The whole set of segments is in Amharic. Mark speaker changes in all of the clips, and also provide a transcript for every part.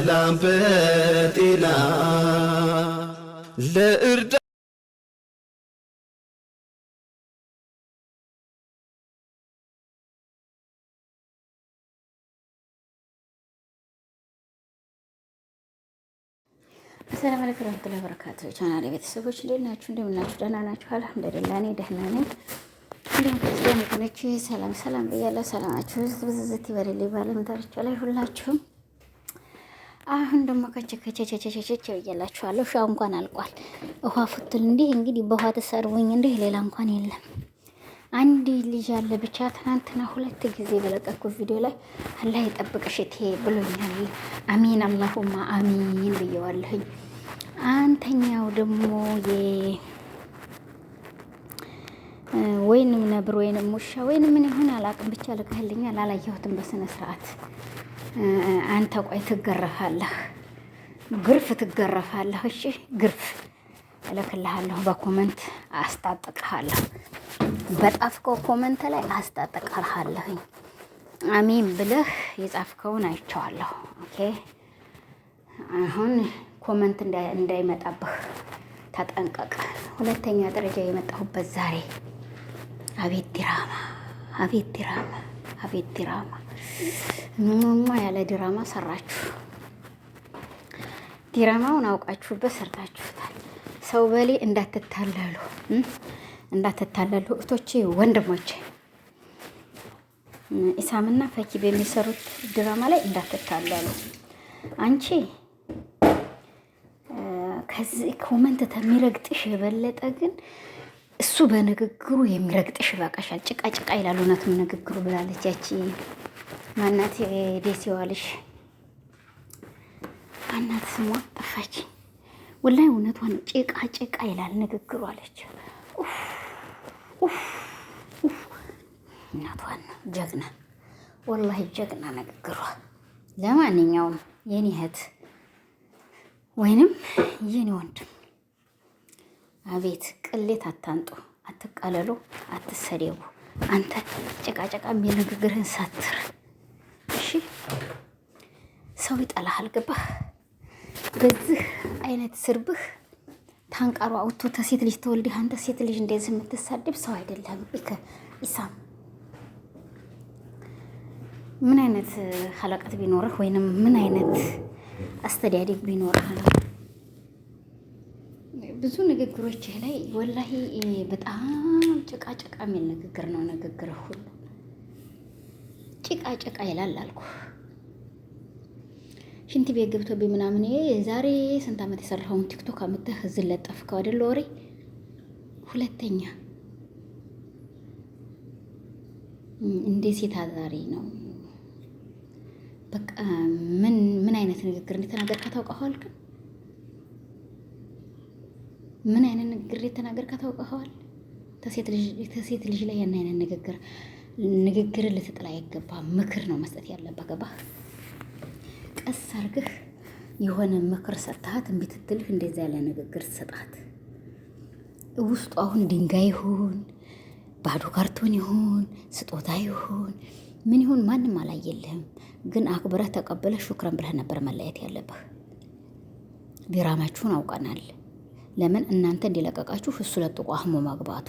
Speaker 1: በሰላም በጤና
Speaker 2: ለእርዳ አሰላም አለይኩም ወራህመቱላሂ ወበረካቱህ። ቻናል ቤተሰቦች እንዴት ናችሁ? እንደምናችሁ? ደህና ናችሁ? አልሐምዱሊላህ እኔ ደህና ነኝ። እንዲሁም ክርስቲያን የሆነች ሰላም ሰላም ብያለሁ። ሰላማችሁ ብዝዝት ይበልልኝ። ባለም ዳርቻ ላይ ሁላችሁም አሁን ደግሞ ከቸከቸቸቸቸቸ እያላችኋለሁ። ሻው እንኳን አልቋል። ውሃ ፍትል እንዲህ እንግዲህ በውሃ ተሰርቡኝ እንዲህ ሌላ እንኳን የለም። አንድ ልጅ ያለ ብቻ ትናንትና ሁለት ጊዜ በለቀኩት ቪዲዮ ላይ አላህ የጠብቅሽ እቴ ብሎኛል። አሚን አላሁማ አሚን ብየዋለሁኝ። አንተኛው ደግሞ ወይንም ነብር ወይንም ውሻ ወይንም ምን ይሁን አላቅም፣ ብቻ ልክህልኛል። አላየሁትም በስነ ስርዓት አንተ ቆይ ትገረፋለህ፣ ግርፍ ትገረፋለህ። እሺ ግርፍ እልክልሃለሁ፣ በኮመንት አስታጥቅሃለሁ። በጣፍከው ኮመንት ላይ አስታጥቅሃለሁኝ። አሚን ብለህ የጻፍከውን አይቼዋለሁ። ኦኬ አሁን ኮመንት እንዳይመጣብህ ተጠንቀቅ። ሁለተኛ ደረጃ የመጣሁበት ዛሬ አቤት ዲራማ፣ አቤት ዲራማ አቤት ዲራማ ማ ያለ ዲራማ ሰራችሁ። ዲራማውን አውቃችሁበት ሰርታችሁታል። ሰው በሌ እንዳትታለሉ እንዳትታለሉ እህቶቼ ወንድሞቼ፣ ኢሳምና ፈኪ በሚሰሩት ድራማ ላይ እንዳትታለሉ። አንቺ ከዚህ ኮመንት ተሚረግጥሽ የበለጠ ግን እሱ በንግግሩ የሚረግጥሽ ይበቃሻል፣ ጭቃ ጭቃ ይላል። እውነቱን ንግግሩ ብላለች። ያቺ ማናት ደስ ይዋልሽ ማናት ስሟ ጠፋች። ወላሂ እውነቷ ነው። ጭቃ ጭቃ ይላል ንግግሩ አለች። እናቷን ጀግና፣ ወላሂ ጀግና ንግግሯ። ለማንኛውም የኔ እህት ወይንም የኔ ወንድም አቤት ቅሌት አታንጡ፣ አትቃለሉ፣ አትሰደቡ። አንተ ጭቃጭቃ የሚል ሳትር እሺ። ሰው ይጠላሃል፣ ገባህ? በዚህ አይነት ስርብህ ታንቃሩ አውቶ ተሴት ልጅ ተወልደህ አንተ ሴት ልጅ እንደዚህ የምትሳደብ ሰው አይደለም። ኢሳም ምን አይነት ሀላቀት ቢኖርህ ወይንም ምን አይነት አስተዳደግ ቢኖርህ ነው ብዙ ንግግሮች ላይ ወላሂ በጣም ጭቃጭቃ የሚል ንግግር ነው። ንግግር ሁሉ ጭቃጭቃ ይላል አልኩ። ሽንት ቤት ገብቶ ምናምን ዛሬ ስንት ዓመት የሰራኸውን ቲክቶክ አምጥተህ እዚህ ለጠፍከው አይደለ? ወሬ ሁለተኛ እንደ ሴት አዛሪ ነው። በቃ ምን ምን አይነት ንግግር እንደተናገርካ ታውቀዋል ግን ምን አይነት ንግግር የተናገርከ ታውቀኸዋል? ተሴት ልጅ ላይ ያን አይነት ንግግር ንግግርን ልትጥላ ይገባ ምክር ነው መስጠት ያለበት ገባ ቀስ አርግህ የሆነ ምክር ሰጥታት እምቢ ትትልህ እንደዚ ያለ ንግግር ሰጣት። ውስጡ አሁን ድንጋይ ይሁን ባዶ ካርቶን ይሁን ስጦታ ይሁን ምን ይሁን ማንም አላየልህም፣ ግን አክብረህ ተቀበለ ሹክረን ብለህ ነበር መለየት ያለብህ። ዲራማችሁን አውቀናል። ለምን እናንተ እንዲለቀቃችሁ እሱ ለጥቆ አህሙ መግባቱ።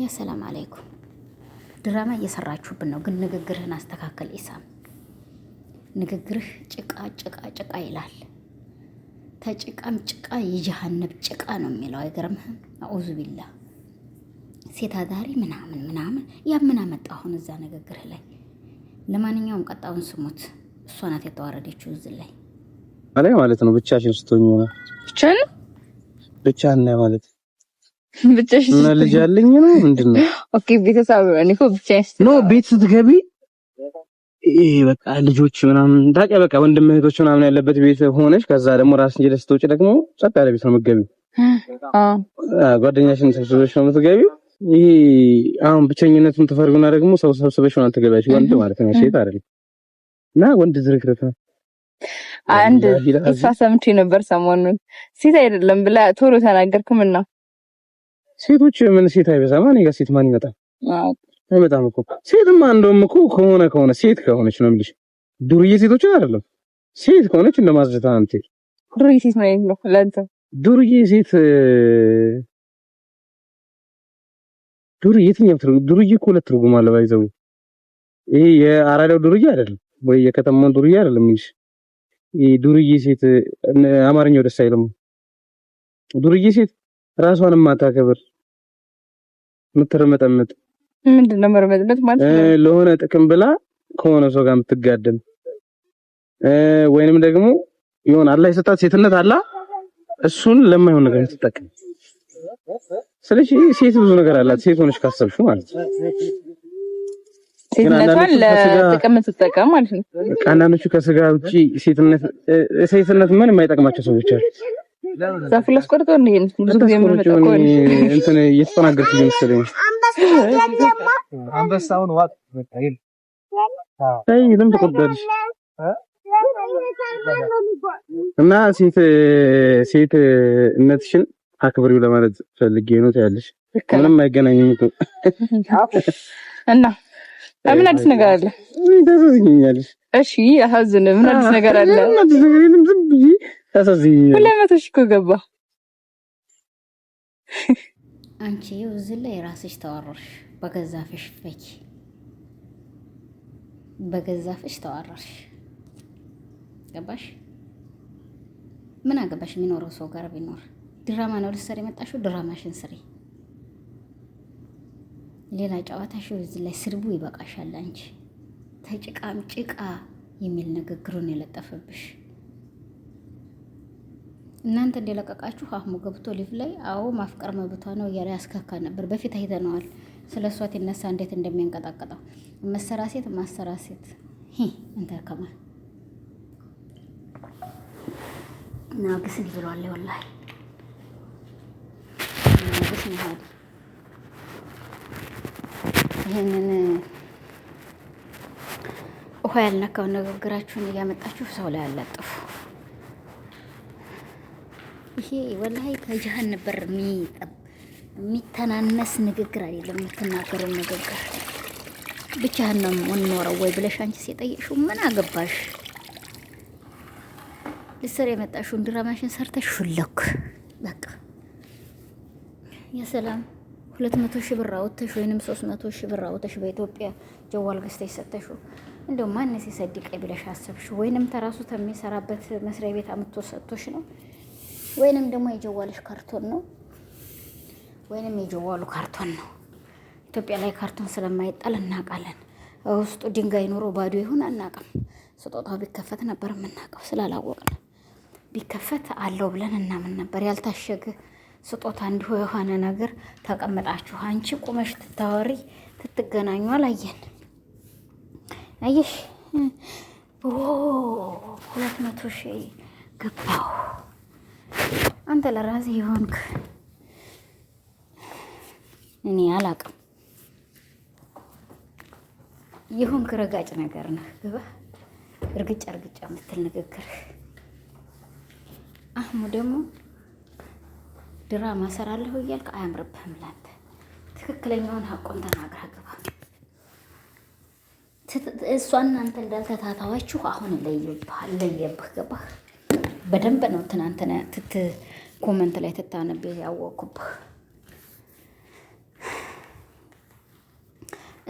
Speaker 2: ያሰላም አለይኩም ድራማ እየሰራችሁብን ነው። ግን ንግግርህን አስተካከል ኢሳም። ንግግርህ ጭቃ ጭቃ ጭቃ ይላል። ተጭቃም ጭቃ የጀሃነብ ጭቃ ነው የሚለው አይገርምህም? አዑዙ ቢላ ሴት አዳሪ ምናምን ምናምን ያ ምን አመጣ አሁን እዛ ንግግርህ ላይ። ለማንኛውም ቀጣውን ስሙት። እሷ ናት የተዋረደችው እዚህ
Speaker 1: ላይ ማለት ነው። ብቻሽን ስትሆኝ ብቻ ነው ብቻ እና ማለት ብቻሽ ምን ልጅ አለኝ ነው ምንድን ነው? ኦኬ ቤተሰብ እኔ እኮ ብቻ ነው። ቤት ስትገቢ ይሄ በቃ ልጆች ምናምን ታውቂያ፣ በቃ ወንድም እህቶች ምናምን ያለበት ቤት ሆነሽ ከዛ ደግሞ ራስ እንጂ ስትወጪ ደግሞ ጸጥ ያለ ቤት ነው የምትገቢው። አዎ ጓደኛሽን ሰብስበሽ ነው የምትገቢው። ይሄ አሁን ብቸኝነቱን ትፈርጉና ደግሞ ሰው ሰብስበሽ ምናምን ትገቢያለሽ። ወንድ ማለት ነው ሴት አይደለም እና ወንድ ዝርክርት ነው አንድ እሷ ሰምቼ ነበር ሰሞኑን ሴት አይደለም ብላ ቶሎ ተናገርኩም እና ሴቶች ምን ሴት አይበዛም። እኔ ጋር ሴት ማን ይመጣል? አይመጣም እኮ ሴትማ እንደውም እኮ ከሆነ ከሆነ ሴት ከሆነች ነው የምልሽ። ዱርዬ ሴቶች አይደለም ሴት ከሆነች እንደማዝደታ አንተ ዱርዬ ሴት ነው ነው ለአንተ ዱርዬ ሴት ዱርዬ የትኛው ትርጉም? ዱርዬ እኮ ሁለት ትርጉም አለው። ባይዘው ይሄ የአራዳው ዱርዬ አይደለም ወይ የከተማው ዱርዬ አይደለም እንጂ ዱርዬ ሴት አማርኛው ደስ አይልም። ዱርዬ ሴት ራሷን ማታከብር ምትርመጠምጥ ምንድን ነው መርመጥመጥ ማለት ነው? ለሆነ ጥቅም ብላ ከሆነ ሰው ጋር የምትጋደም ወይንም ደግሞ የሆነ አላህ የሰጣት ሴትነት አላ እሱን ለማይሆን ነገር የምትጠቀም ስለዚህ ሴት ብዙ ነገር አላት። ሴት ሆነሽ ካሰብሽ ማለት ነው ሴትነቷን ለጥቅም ስትጠቀም ማለት ነው። አንዳንዶቹ ከስጋ ውጭ ሴትነት ምን የማይጠቅማቸው ሰዎች አሉ። ዛፉ ላስቆርጦ እንሄን ብዙ ጊዜ እንትን እየተጠናገርኩ አንበሳውን ዋጥ እና ሴት እነትሽን አክብሪው ለማለት ፈልጌ ነው። ታያለሽ ምንም አይገናኝም እና ምን አዲስ ነገር አለ? እሺ አሳዝን። ምን አዲስ ነገር አለ? ሁለት መቶ ሺህ እኮ ገባ።
Speaker 2: አንቺ እዚህ ላይ ራስሽ ተዋረርሽ። በገዛፍሽ በገዛ ፍሽ ተዋረርሽ። ገባሽ? ምን አገባሽ? የሚኖረው ሰው ጋር ቢኖር ድራማ ነው ልትሰሪ የመጣሽው። ድራማሽን ስሪ። ሌላ ጨዋታሽ እዚህ ላይ ስርቡ ይበቃሻል። አንቺ ተጭቃም ጭቃ የሚል ንግግሩን የለጠፈብሽ እናንተ እንደለቀቃችሁ አህሙ ገብቶ ሊፍ ላይ አዎ ማፍቀር መብቷ ነው እያለ ያስከካ ነበር። በፊት አይተነዋል። ስለ እሷት ትነሳ እንዴት እንደሚያንቀጣቀጠው መሰራ ሴት ማሰራ ሴት እንትን ከማል ናግስን ብሏል። ወላሂ ናግስ ነው ይህንን ውሃ ያልነካውን ንግግራችሁን እያመጣችሁ ሰው ላይ አላጥፉ። ይሄ ወላሂ ከጃሃን በር የሚተናነስ ንግግር አይደለም። የምትናገረው ንግግር ብቻህን ነው የምንኖረው ወይ ብለሽ አንቺስ የጠየቅሽው ምን አገባሽ? ልትሰሪ የመጣሽውን ድራማሽን ሰርተሽ ሹለክ በቃ የሰላም ሁለት መቶ ሺህ ብር አውጥተሽ ወይንም ሶስት መቶ ሺህ ብር አውጥተሽ በኢትዮጵያ ጀዋል ገዝተሽ ሰጠሽው እንደው ማነስ የሰድቀኝ ብለሽ አሰብሽ? ወይንም ተራሱ ተሚሰራበት መስሪያ ቤት አምጥቶ ሰጥቶሽ ነው ወይንም ደግሞ የጀዋልሽ ካርቶን ነው ወይንም የጀዋሉ ካርቶን ነው። ኢትዮጵያ ላይ ካርቶን ስለማይጣል እናውቃለን። ውስጡ ድንጋይ ኑሮ ባዶ ይሁን አናውቅም። ስጦታው ቢከፈት ነበር የምናውቀው፣ ስላላወቅን ቢከፈት አለው ብለን እናምን ነበር። ያልታሸገ ስጦታ እንዲሁ የሆነ ነገር ተቀምጣችሁ አንቺ ቁመሽ ትታወሪ ትትገናኙ አላየን። አየሽ ሁለት መቶ ሺህ ገባው። አንተ ለራሴ የሆንክ እኔ አላቅም የሆንክ ረጋጭ ነገር ነህ። ግባ እርግጫ እርግጫ የምትል ንግግር አህሙ ደግሞ ድራማ ሰራለሁ እያልክ አያምርብህም። ላንተ ትክክለኛውን ሀቁን ተናግራ ግባ። እሷ እናንተ እንዳልተታታዋችሁ አሁን ለየብህ ገባህ። በደንብ ነው ትናንትና ትት ኮመንት ላይ ትታነብ ያወቅኩብህ።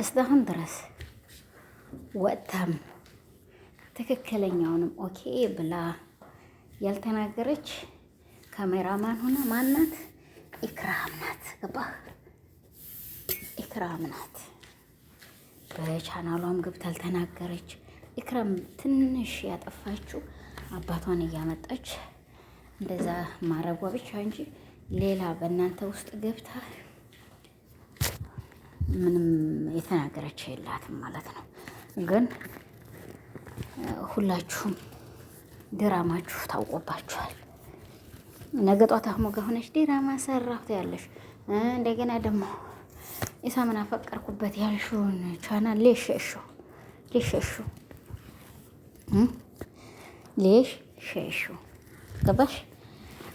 Speaker 2: እስካሁን ድረስ ወጥታም ትክክለኛውንም ኦኬ ብላ ያልተናገረች ካሜራማን ሆና ማናት? ኢክራም ናት። ገባህ? ኢክራም ናት። በቻናሏም ገብታ አልተናገረች። ኢክራም ትንሽ ያጠፋችው አባቷን እያመጣች እንደዛ ማረጓ ብቻ እንጂ ሌላ በእናንተ ውስጥ ገብታ ምንም የተናገረች የላትም ማለት ነው። ግን ሁላችሁም ድራማችሁ ታውቆባችኋል። ነገ ጧት አህሙ ጋር ሆነሽ ዲራማ ሰራሁት ያለሽ እንደገና ደግሞ ኢሳምን አፈቀርኩበት ያልሽውን ቻናል ሌሸሹ ሌሸሹ ሌሽ ሸሹ ገባሽ?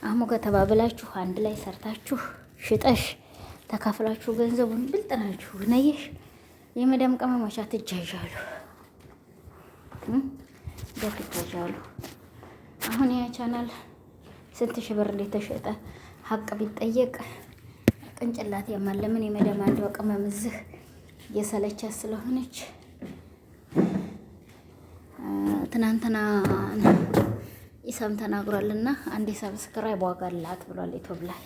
Speaker 2: አህሙ ጋር ተባብላችሁ አንድ ላይ ሰርታችሁ ሽጠሽ ተካፍላችሁ ገንዘቡን ብልጥ ናችሁ። ነየሽ የመዳም ቀመሞች አትጃዣሉ፣ ደትጃዣሉ። አሁን ያ ቻናል ስንት ሺህ ብር እንደተሸጠ ሀቅ ቢጠየቅ ቅንጭላት ያማል። ለምን የመዳም አንዷ ቅመም እዚህ እየሰለቻት ስለሆነች ትናንትና ኢሳም ተናግሯልና አንድ ሰብስክራይብ ዋጋ አላት ብሏል። ኢትዮብ ላይ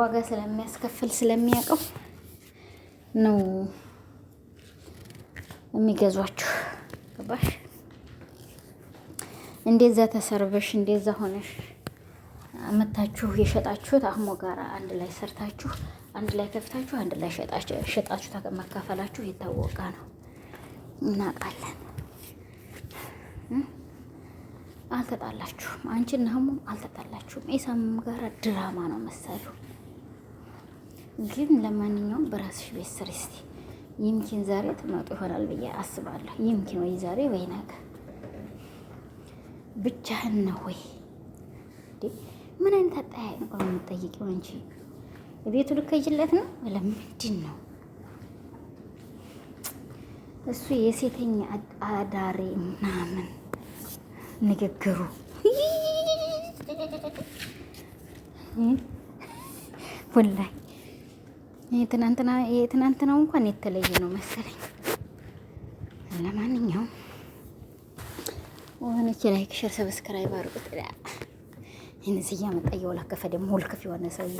Speaker 2: ዋጋ ስለሚያስከፍል ስለሚያውቀው ነው የሚገዟችሁ ገባሽ? እንደዛ ተሰርበሽ እንደዛ ሆነሽ መታችሁ የሸጣችሁት አህሞ ጋር አንድ ላይ ሰርታችሁ አንድ ላይ ከፍታችሁ አንድ ላይ ሸጣችሁ መካፈላችሁ የታወቀ ነው፣ እናውቃለን። አልተጣላችሁም። አንቺና ህሙ አልተጣላችሁም። ኢሳምም ጋር ድራማ ነው መሰሉ። ግን ለማንኛውም በራስሽ ቤት ስር እስቲ ይምኪን ዛሬ ትመጡ ይሆናል ብዬ አስባለሁ። ይምኪን ወይ ዛሬ ወይ ነገር ብቻህን ነው ወይ? ምን አይነት አጠያየቅ ነው የምጠይቂው አንቺ? ቤቱ ልከይለት ነው ለምንድን ነው እሱ የሴተኛ አዳሪ ምናምን ንግግሩ ወላሂ ትናንትናው እንኳን የተለየ ነው መሰለኝ። ለማንኛውም ወንቺ ላይክ ሼር ሰብስክራይብ አድርጉት። ይህን እዚህ እያመጣ እየወላከፈ የሆነ ሰውዬ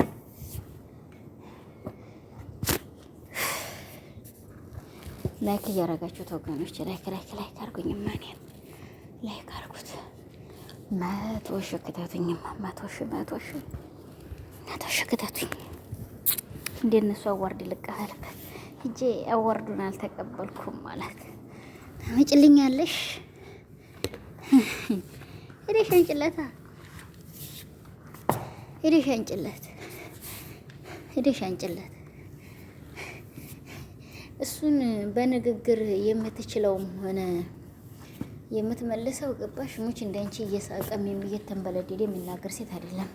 Speaker 2: ላይክ ወገኖች ላይክ ላይክ ላይክ አድርጉኝ። ላይክ አድርጉት። መቶ ሺህ መቶ ሺህ መቶ ሺህ መቶ ሺህ ክተቱኝ። አዋርድ ልቀበልበት እጄ አዋርዱን አልተቀበልኩም ማለት ታመጭልኛለሽ ሄደሽ አንጭለታ ሄደሽ አንጭለት ሄደሽ አንጭለት። እሱን በንግግር የምትችለውም ሆነ የምትመልሰው ገባሽ ሙች እንዳንቺ እየሳቀም እየተንበለደደ የሚናገር ሴት አይደለም።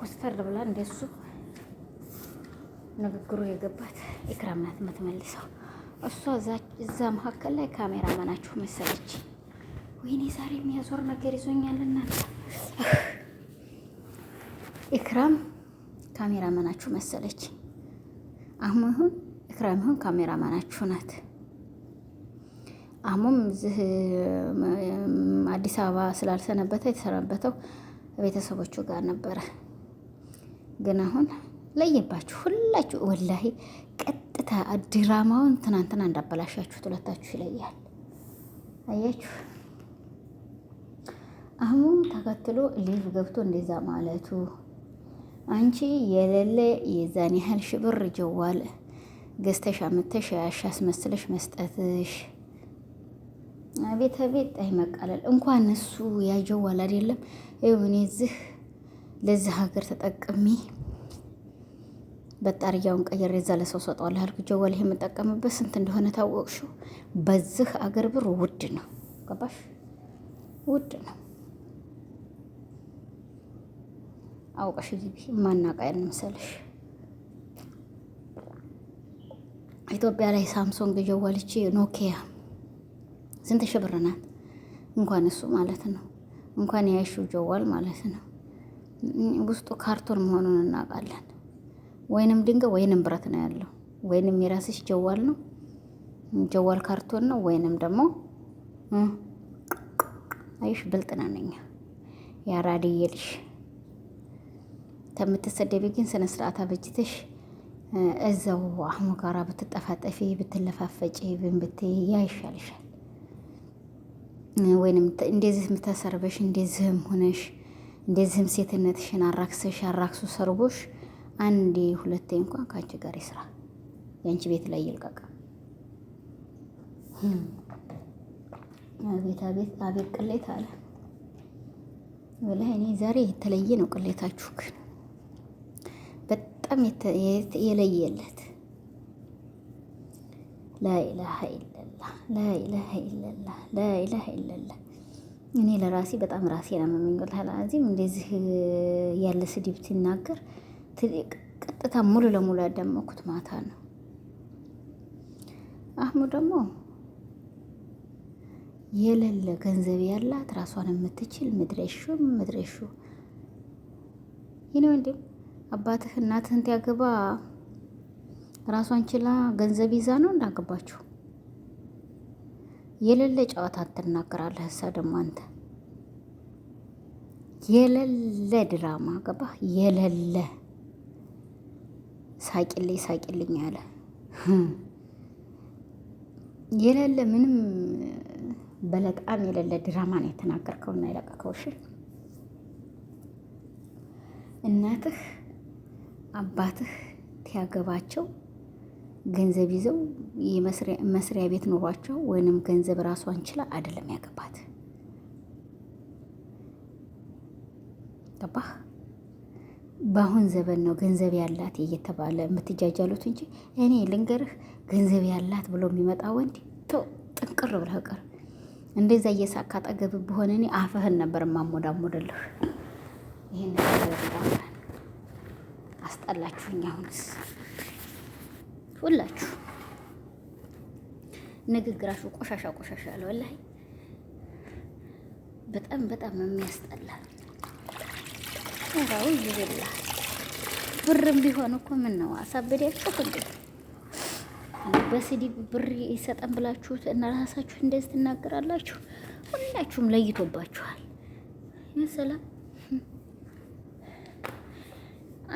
Speaker 2: ኮስተር ብላ እንደሱ ንግግሩ የገባት ኢክራም ናት የምትመልሰው። እሷ እዛ መካከል ላይ ካሜራማናችሁ መሰለች። ወይኔ ዛሬ የሚያዞር ነገር ይዞኛል። እናንተ ኢክራም ካሜራ መናችሁ መሰለች። አህሙ ይሁን ኢክራም ይሁን ካሜራ መናችሁ ናት። አህሙም እዚህ አዲስ አበባ ስላልሰነበተ የተሰናበተው ቤተሰቦቹ ጋር ነበረ። ግን አሁን ለየባችሁ ሁላችሁ። ወላሂ ቀጥታ ድራማውን ትናንትና እንዳበላሻችሁት ሁለታችሁ ይለያል። አያችሁ። አህሙም ተከትሎ ሊቭ ገብቶ እንደዛ ማለቱ አንቺ የሌለ የዛን ያህል ሽብር ጀዋል ገዝተሽ አምተሽ ያሽ አስመስለሽ መስጠትሽ ቤተ ቤት ጣይ መቃለል እንኳን እሱ ያጀዋል አይደለም ይሁን እዚህ ለዚህ ሀገር ተጠቅሚ በጣርያውን ቀየር የዛ ለሰው ሰጠዋል አልኩ። ጀዋል ይሄ የምጠቀምበት ስንት እንደሆነ ታወቅሽው። በዚህ አገር ብር ውድ ነው፣ ገባሽ? ውድ ነው። አውቀሽ ግቢ ማናቃ ያልመሰለሽ ኢትዮጵያ ላይ ሳምሶንግ ጀዋልች ኖኪያ ስንት ሺህ ብር ናት? እንኳን እሱ ማለት ነው እንኳን ያሹ ጀዋል ማለት ነው ውስጡ ካርቶን መሆኑን እናውቃለን። ወይንም ድንጋይ ወይንም ብረት ነው ያለው። ወይንም የራስሽ ጀዋል ነው ጀዋል ካርቶን ነው። ወይንም ደግሞ አይሽ ብልጥ ነን እኛ የአራድዬ ከምትሰደቢ ግን ስነ ስርዓት አበጅተሽ እዛው አህሙ ጋራ ብትጠፋጠፊ ብትለፋፈጪ ብን ብትይ ያ ይሻልሻል። ወይንም እንደዚህ የምታሰርበሽ እንደዚህም ሆነሽ እንደዚህም ሴትነትሽን አራክሰሽ አራክሱ ሰርቦሽ አንዴ ሁለቴ እንኳን ከአንቺ ጋር ይስራ የአንቺ ቤት ላይ ይልቀቅ። አቤት አቤት አቤት ቅሌት አለ ወላሂ እኔ ዛሬ የተለየ ነው ቅሌታችሁ ግን በጣም የለየለት ላኢላሃ ኢለላህ ኢለላህ እኔ ለራሴ በጣም ራሴ ያመመኝ አዚም እንደዚህ ያለ ስድብ ሲናገር ቀጥታ ሙሉ ለሙሉ ያዳመኩት ማታ ነው። አህሙ ደግሞ የሌለ ገንዘብ ያላት ራሷን የምትችል ምድረሹ ምድረሹ ይህ እንዴ አባትህ እናትህን ያገባ ራሷን ችላ ገንዘብ ይዛ ነው እንዳገባችሁ። የሌለ ጨዋታ ትናገራለህ። እሳ ደግሞ አንተ የሌለ ድራማ ገባ የሌለ ሳቂልኝ ሳቂልኝ አለ የሌለ ምንም በለጣም የሌለ ድራማ ነው እና የለቀቀው። እሺ እናትህ አባትህ ያገባቸው ገንዘብ ይዘው መስሪያ ቤት ኑሯቸው ወይንም ገንዘብ ራሷን ችላ አይደለም ያገባት። ገባህ? በአሁን ዘበን ነው ገንዘብ ያላት እየተባለ የምትጃጃሉት እንጂ እኔ ልንገርህ፣ ገንዘብ ያላት ብሎ የሚመጣ ወንድ ተው፣ ጥንቅር ብለህ ቅር። እንደዛ እየሳካ ጠገብ በሆነ እኔ አፍህን ነበር ማሞዳሞድልህ። ይህን አስጠላችሁኝ። አሁንስ ሁላችሁ ንግግራችሁ ቆሻሻ ቆሻሻ ያለው ወላሂ በጣም በጣም የሚያስጠላ ራው ይብላ ብርም ቢሆን እኮ ምን ነው አሳበዳችሁ እንዴ? በስድብ ብር ይሰጠን ብላችሁት እና ራሳችሁ እንደዚህ ትናገራላችሁ። ሁላችሁም ለይቶባችኋል። ሰላም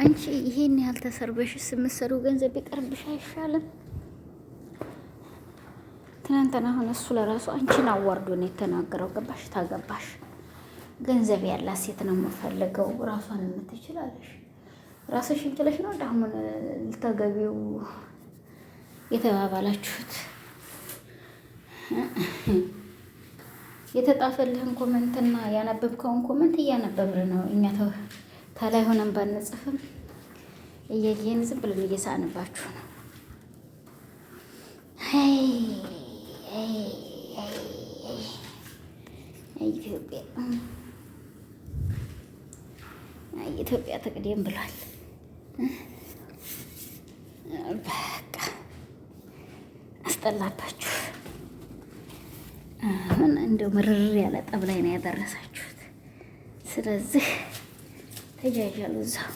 Speaker 2: አንቺ ይሄን ያህል ተሰርበሽ የምትሰሪው ገንዘብ ቢቀርብሽ አይሻልም? ትናንትና አሁን እሱ ለራሱ አንቺን አዋርዶ ነው የተናገረው። ገባሽ ታገባሽ ገንዘብ ያላት ሴት ነው የምፈልገው፣ ራሷን የምትችላለሽ ራስሽን ችለሽ ነው አሁን ልታገቢው የተባባላችሁት። የተጣፈልህን ኮመንትና ያነበብከውን ኮመንት እያነበብን ነው እኛ ተላይ ሆነን ባንጽፍም እየየን ዝም ብለን እየሳንባችሁ ነው። ኢትዮጵያ ትቅደም ብሏል። በቃ አስጠላባችሁ። አሁን እንደው ምርር ያለ ጠብ ላይ ነው ያደረሳችሁት። ስለዚህ ተጃጃሉ እዛው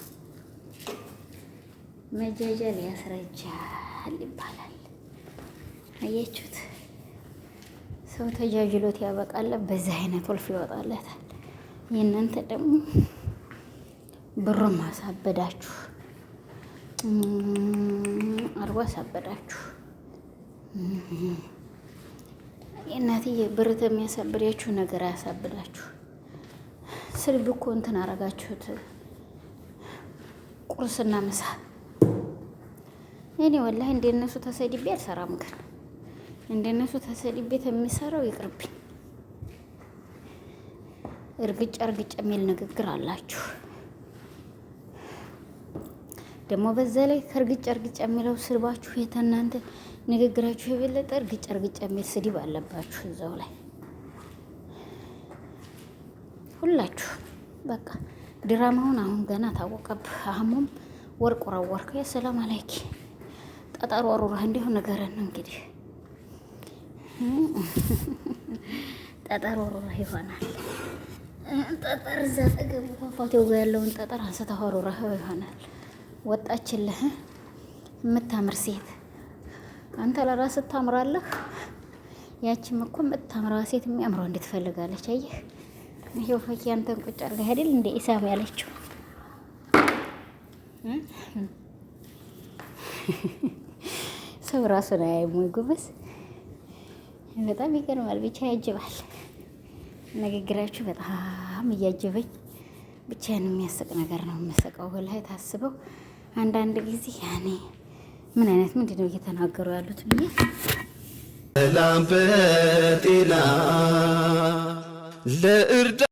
Speaker 2: መጃጃል ያስረጃል ይባላል። አያችሁት? ሰው ተጃጅሎት ያበቃለ፣ በዚህ አይነት ወልፍ ይወጣለታል። የእናንተ ደግሞ ብሩ ማሳበዳችሁ አርጎ አሳበዳችሁ። እናትዬ ብርት የሚያሳብዳችሁ ነገር አያሳብዳችሁ። ስልብ እኮ እንትን አረጋችሁት ቁርስና ምሳ እኔ ወላሂ እንደነሱ ተሰድቤ አልሰራም። ግን እንደነሱ ተሰድቤ የሚሰራው ይቅርብኝ። እርግጫ እርግጫ የሚል ንግግር አላችሁ። ደግሞ በዛ ላይ ከእርግጫ እርግጫ የሚለው ስድባችሁ የተናንተ ንግግራችሁ የበለጠ እርግጫ እርግጫ የሚል ስድብ አለባችሁ እዛው ላይ ሁላችሁ። በቃ ድራማውን አሁን ገና ታወቀብህ። አህሙም ወርቅ ወረወርከው። የሰላም አለይኪ ቀጠሮ አሩረህ እንዲሁ ንገረን እንግዲህ ጠጠር አሩረህ ይሆናል። ጠጠር እዛ ጠገቡ ፏፏቴው ጋር ያለውን ጠጠር አንስተህ አሩረህ ይሆናል። ወጣችልህ የምታምር ሴት አንተ ለራስህ ታምራለህ። ያቺም እኮ የምታምራ ሴት የሚያምረው እንዴት ትፈልጋለች? አየህ ይሄው ፈኪ አንተን ቁጭ አድርገህ አይደል እንደ ኢሳም ያለችው ሰው ራሱን አያይም ወይ ጉበዝ? በጣም ይገርማል። ብቻ ያጅባል ንግግራችሁ በጣም እያጀበኝ ብቻዬን የሚያስቅ ነገር ነው የምስቀው። ወላሂ ታስበው አንዳንድ ጊዜ ያኔ ምን አይነት ምንድን ነው እየተናገሩ ያሉት ብዬ
Speaker 1: ሰላም በጤና ለእርዳ